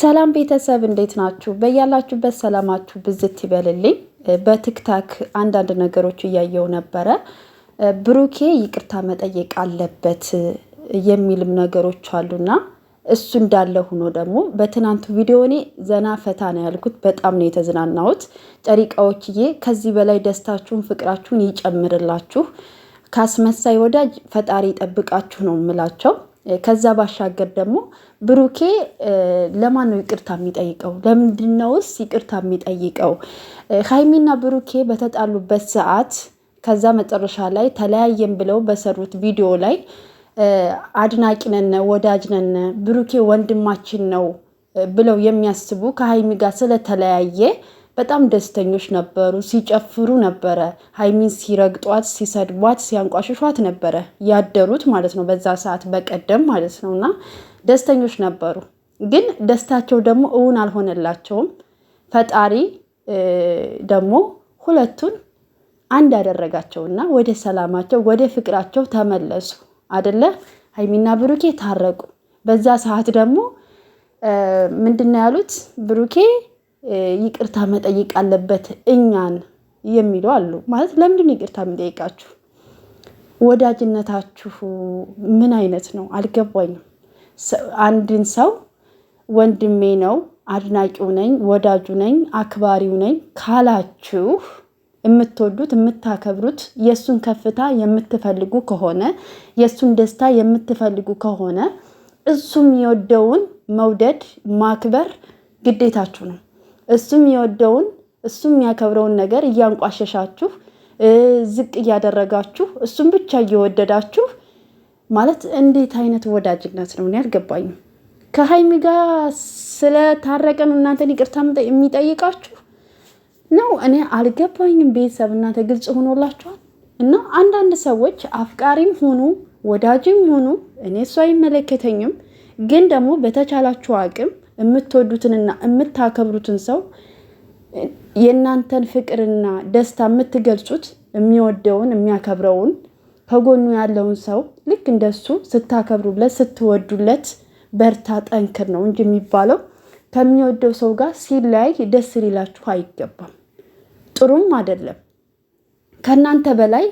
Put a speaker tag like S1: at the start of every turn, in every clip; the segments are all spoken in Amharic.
S1: ሰላም ቤተሰብ እንዴት ናችሁ? በያላችሁበት ሰላማችሁ ብዝት ይበልልኝ። በቲክታክ አንዳንድ ነገሮች እያየው ነበረ። ብሩኬ ይቅርታ መጠየቅ አለበት የሚልም ነገሮች አሉና እሱ እንዳለ ሆኖ ደግሞ በትናንቱ ቪዲዮ እኔ ዘና ፈታ ነው ያልኩት። በጣም ነው የተዝናናሁት። ጨሪቃዎችዬ ከዚህ በላይ ደስታችሁን፣ ፍቅራችሁን ይጨምርላችሁ። ከአስመሳይ ወዳጅ ፈጣሪ ይጠብቃችሁ ነው የምላቸው። ከዛ ባሻገር ደግሞ ብሩኬ ለማን ነው ይቅርታ የሚጠይቀው? ለምንድነውስ ይቅርታ የሚጠይቀው? ሀይሚና ብሩኬ በተጣሉበት ሰዓት ከዛ መጨረሻ ላይ ተለያየን ብለው በሰሩት ቪዲዮ ላይ አድናቂነነ ወዳጅነን ብሩኬ ወንድማችን ነው ብለው የሚያስቡ ከሀይሚ ጋር ስለተለያየ በጣም ደስተኞች ነበሩ። ሲጨፍሩ ነበረ። ሀይሚን ሲረግጧት፣ ሲሰድቧት፣ ሲያንቋሽሿት ነበረ ያደሩት ማለት ነው። በዛ ሰዓት በቀደም ማለት ነው እና ደስተኞች ነበሩ። ግን ደስታቸው ደግሞ እውን አልሆነላቸውም። ፈጣሪ ደግሞ ሁለቱን አንድ ያደረጋቸውና ወደ ሰላማቸው ወደ ፍቅራቸው ተመለሱ አደለ? ሀይሚና ብሩኬ ታረቁ። በዛ ሰዓት ደግሞ ምንድን ነው ያሉት ብሩኬ ይቅርታ መጠየቅ አለበት እኛን የሚለው አሉ። ማለት ለምንድን ይቅርታ የሚጠይቃችሁ? ወዳጅነታችሁ ምን አይነት ነው? አልገባኝም። አንድን ሰው ወንድሜ ነው፣ አድናቂው ነኝ፣ ወዳጁ ነኝ፣ አክባሪው ነኝ ካላችሁ የምትወዱት የምታከብሩት የእሱን ከፍታ የምትፈልጉ ከሆነ የእሱን ደስታ የምትፈልጉ ከሆነ እሱም የወደውን መውደድ ማክበር ግዴታችሁ ነው። እሱም የወደውን እሱም የሚያከብረውን ነገር እያንቋሸሻችሁ ዝቅ እያደረጋችሁ እሱም ብቻ እየወደዳችሁ ማለት እንዴት አይነት ወዳጅነት ነው? እኔ አልገባኝም። ከሀይሚ ጋር ስለታረቀን እናንተን ይቅርታ የሚጠይቃችሁ ነው? እኔ አልገባኝም። ቤተሰብ እናንተ ግልጽ ሆኖላችኋል። እና አንዳንድ ሰዎች አፍቃሪም ሆኑ ወዳጅም ሆኑ እኔ እሱ አይመለከተኝም፣ ግን ደግሞ በተቻላችሁ አቅም የምትወዱትንና የምታከብሩትን ሰው የእናንተን ፍቅርና ደስታ የምትገልጹት የሚወደውን የሚያከብረውን ከጎኑ ያለውን ሰው ልክ እንደሱ ስታከብሩለት ስትወዱለት በርታ ጠንክር ነው እንጂ የሚባለው ከሚወደው ሰው ጋር ሲለያይ ደስ ሊላችሁ አይገባም። ጥሩም አይደለም። ከእናንተ በላይ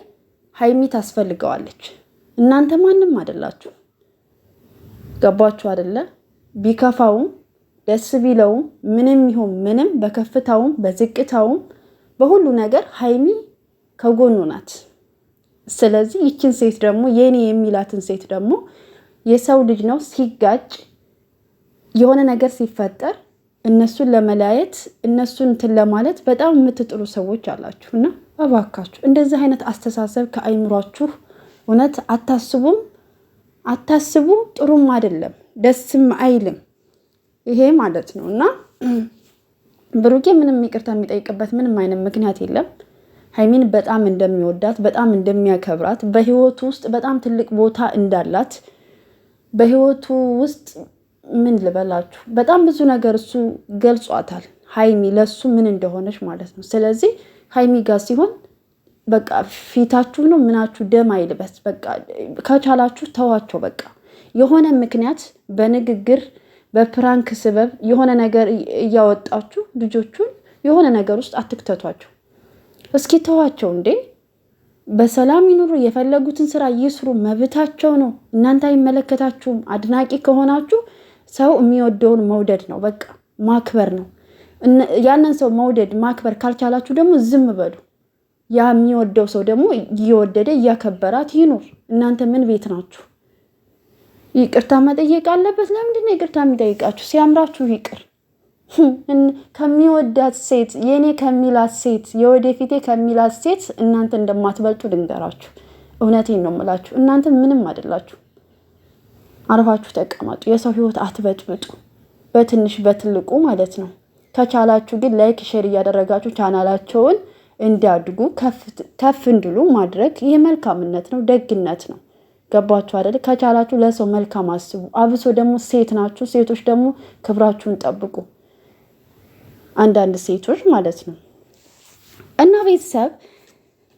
S1: ሀይሚ ታስፈልገዋለች። እናንተ ማንም አይደላችሁ። ገባችሁ አይደለ? ቢከፋውም ደስ ቢለውም ምንም ይሁን ምንም በከፍታውም በዝቅታውም በሁሉ ነገር ሀይሚ ከጎኑ ናት። ስለዚህ ይችን ሴት ደግሞ የኔ የሚላትን ሴት ደግሞ የሰው ልጅ ነው ሲጋጭ የሆነ ነገር ሲፈጠር እነሱን ለመለያየት እነሱን እንትን ለማለት በጣም የምትጥሩ ሰዎች አላችሁ እና እባካችሁ እንደዚህ አይነት አስተሳሰብ ከአይምሯችሁ እውነት አታስቡም፣ አታስቡ። ጥሩም አይደለም፣ ደስም አይልም። ይሄ ማለት ነው እና ብሩኬ ምንም ይቅርታ የሚጠይቅበት ምንም አይነት ምክንያት የለም። ሀይሚን በጣም እንደሚወዳት በጣም እንደሚያከብራት በህይወቱ ውስጥ በጣም ትልቅ ቦታ እንዳላት በህይወቱ ውስጥ ምን ልበላችሁ በጣም ብዙ ነገር እሱ ገልጿታል። ሀይሚ ለሱ ምን እንደሆነች ማለት ነው። ስለዚህ ሀይሚ ጋር ሲሆን በቃ ፊታችሁ ነው ምናችሁ ደም አይልበት። በቃ ከቻላችሁ ተዋቸው። በቃ የሆነ ምክንያት በንግግር በፕራንክ ስበብ የሆነ ነገር እያወጣችሁ ልጆቹን የሆነ ነገር ውስጥ አትክተቷቸው። እስኪ ተዋቸው እንዴ፣ በሰላም ይኑሩ፣ የፈለጉትን ስራ ይስሩ፣ መብታቸው ነው። እናንተ አይመለከታችሁም። አድናቂ ከሆናችሁ ሰው የሚወደውን መውደድ ነው፣ በቃ ማክበር ነው። ያንን ሰው መውደድ ማክበር ካልቻላችሁ ደግሞ ዝም በሉ። ያ የሚወደው ሰው ደግሞ እየወደደ እያከበራት ይኑር። እናንተ ምን ቤት ናችሁ? ይቅርታ መጠየቅ አለበት። ለምንድን ነው ይቅርታ የሚጠይቃችሁ? ሲያምራችሁ ይቅር ከሚወዳት ሴት የእኔ ከሚላት ሴት የወደፊቴ ከሚላት ሴት እናንተ እንደማትበልጡ ልንገራችሁ። እውነቴን ነው የምላችሁ። እናንተ ምንም አይደላችሁ። አርፋችሁ ተቀመጡ። የሰው ህይወት አትበጥብጡ። በትንሽ በትልቁ ማለት ነው። ከቻላችሁ ግን ላይክ፣ ሼር እያደረጋችሁ ቻናላቸውን እንዲያድጉ ከፍ እንድሉ ማድረግ ይህ መልካምነት ነው፣ ደግነት ነው። ገባችሁ አይደል? ከቻላችሁ ለሰው መልካም አስቡ። አብሶ ደግሞ ሴት ናችሁ። ሴቶች ደግሞ ክብራችሁን ጠብቁ። አንዳንድ ሴቶች ማለት ነው። እና ቤተሰብ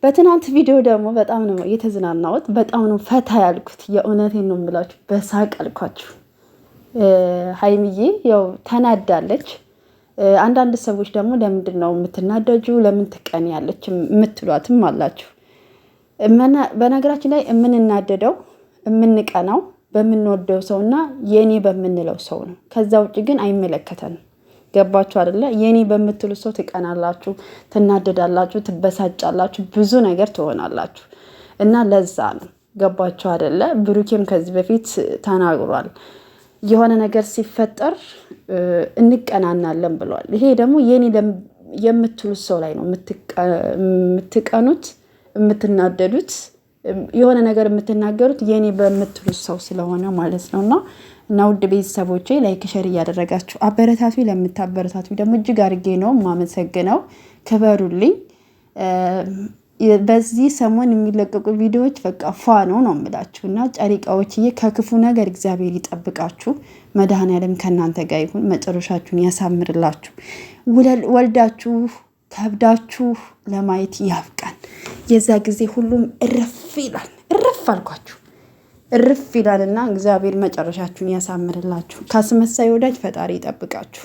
S1: በትናንት ቪዲዮ ደግሞ በጣም ነው የተዝናናሁት። በጣም ነው ፈታ ያልኩት። የእውነቴን ነው የምላችሁ። በሳቅ አልኳችሁ። ሀይምዬ ያው ተናዳለች። አንዳንድ ሰዎች ደግሞ ለምንድን ነው የምትናደጁ፣ ለምን ትቀን ያለች የምትሏትም አላችሁ። በነገራችን ላይ የምንናደደው የምንቀናው በምንወደው ሰውና የኔ በምንለው ሰው ነው። ከዛ ውጭ ግን አይመለከተንም። ገባችሁ አደለ? የኔ በምትሉ ሰው ትቀናላችሁ፣ ትናደዳላችሁ፣ ትበሳጫላችሁ፣ ብዙ ነገር ትሆናላችሁ። እና ለዛ ነው ገባችሁ አደለ ብሩኬም ከዚህ በፊት ተናግሯል። የሆነ ነገር ሲፈጠር እንቀናናለን ብሏል። ይሄ ደግሞ የኔ የምትሉት ሰው ላይ ነው የምትቀኑት የምትናደዱት የሆነ ነገር የምትናገሩት የኔ በምትሉት ሰው ስለሆነ ማለት ነው። እና እና ውድ ቤተሰቦቼ ላይክ ሸር እያደረጋችሁ አበረታቱ። ለምታበረታቱ ደግሞ እጅግ አድርጌ ነው የማመሰግነው። ክበሩልኝ። በዚህ ሰሞን የሚለቀቁ ቪዲዮዎች በቃ ፏ ነው ነው የምላችሁ እና ጨሪቃዎችዬ ከክፉ ነገር እግዚአብሔር ይጠብቃችሁ። መድኃኔዓለም ከእናንተ ጋር ይሁን፣ መጨረሻችሁን ያሳምርላችሁ። ወልዳችሁ ከብዳችሁ ለማየት ያብቅ። የዛ ጊዜ ሁሉም እርፍ ይላል። እርፍ አልኳችሁ፣ እርፍ ይላልና እግዚአብሔር መጨረሻችሁን ያሳምርላችሁ። ከስመሳይ ወዳጅ ፈጣሪ ይጠብቃችሁ።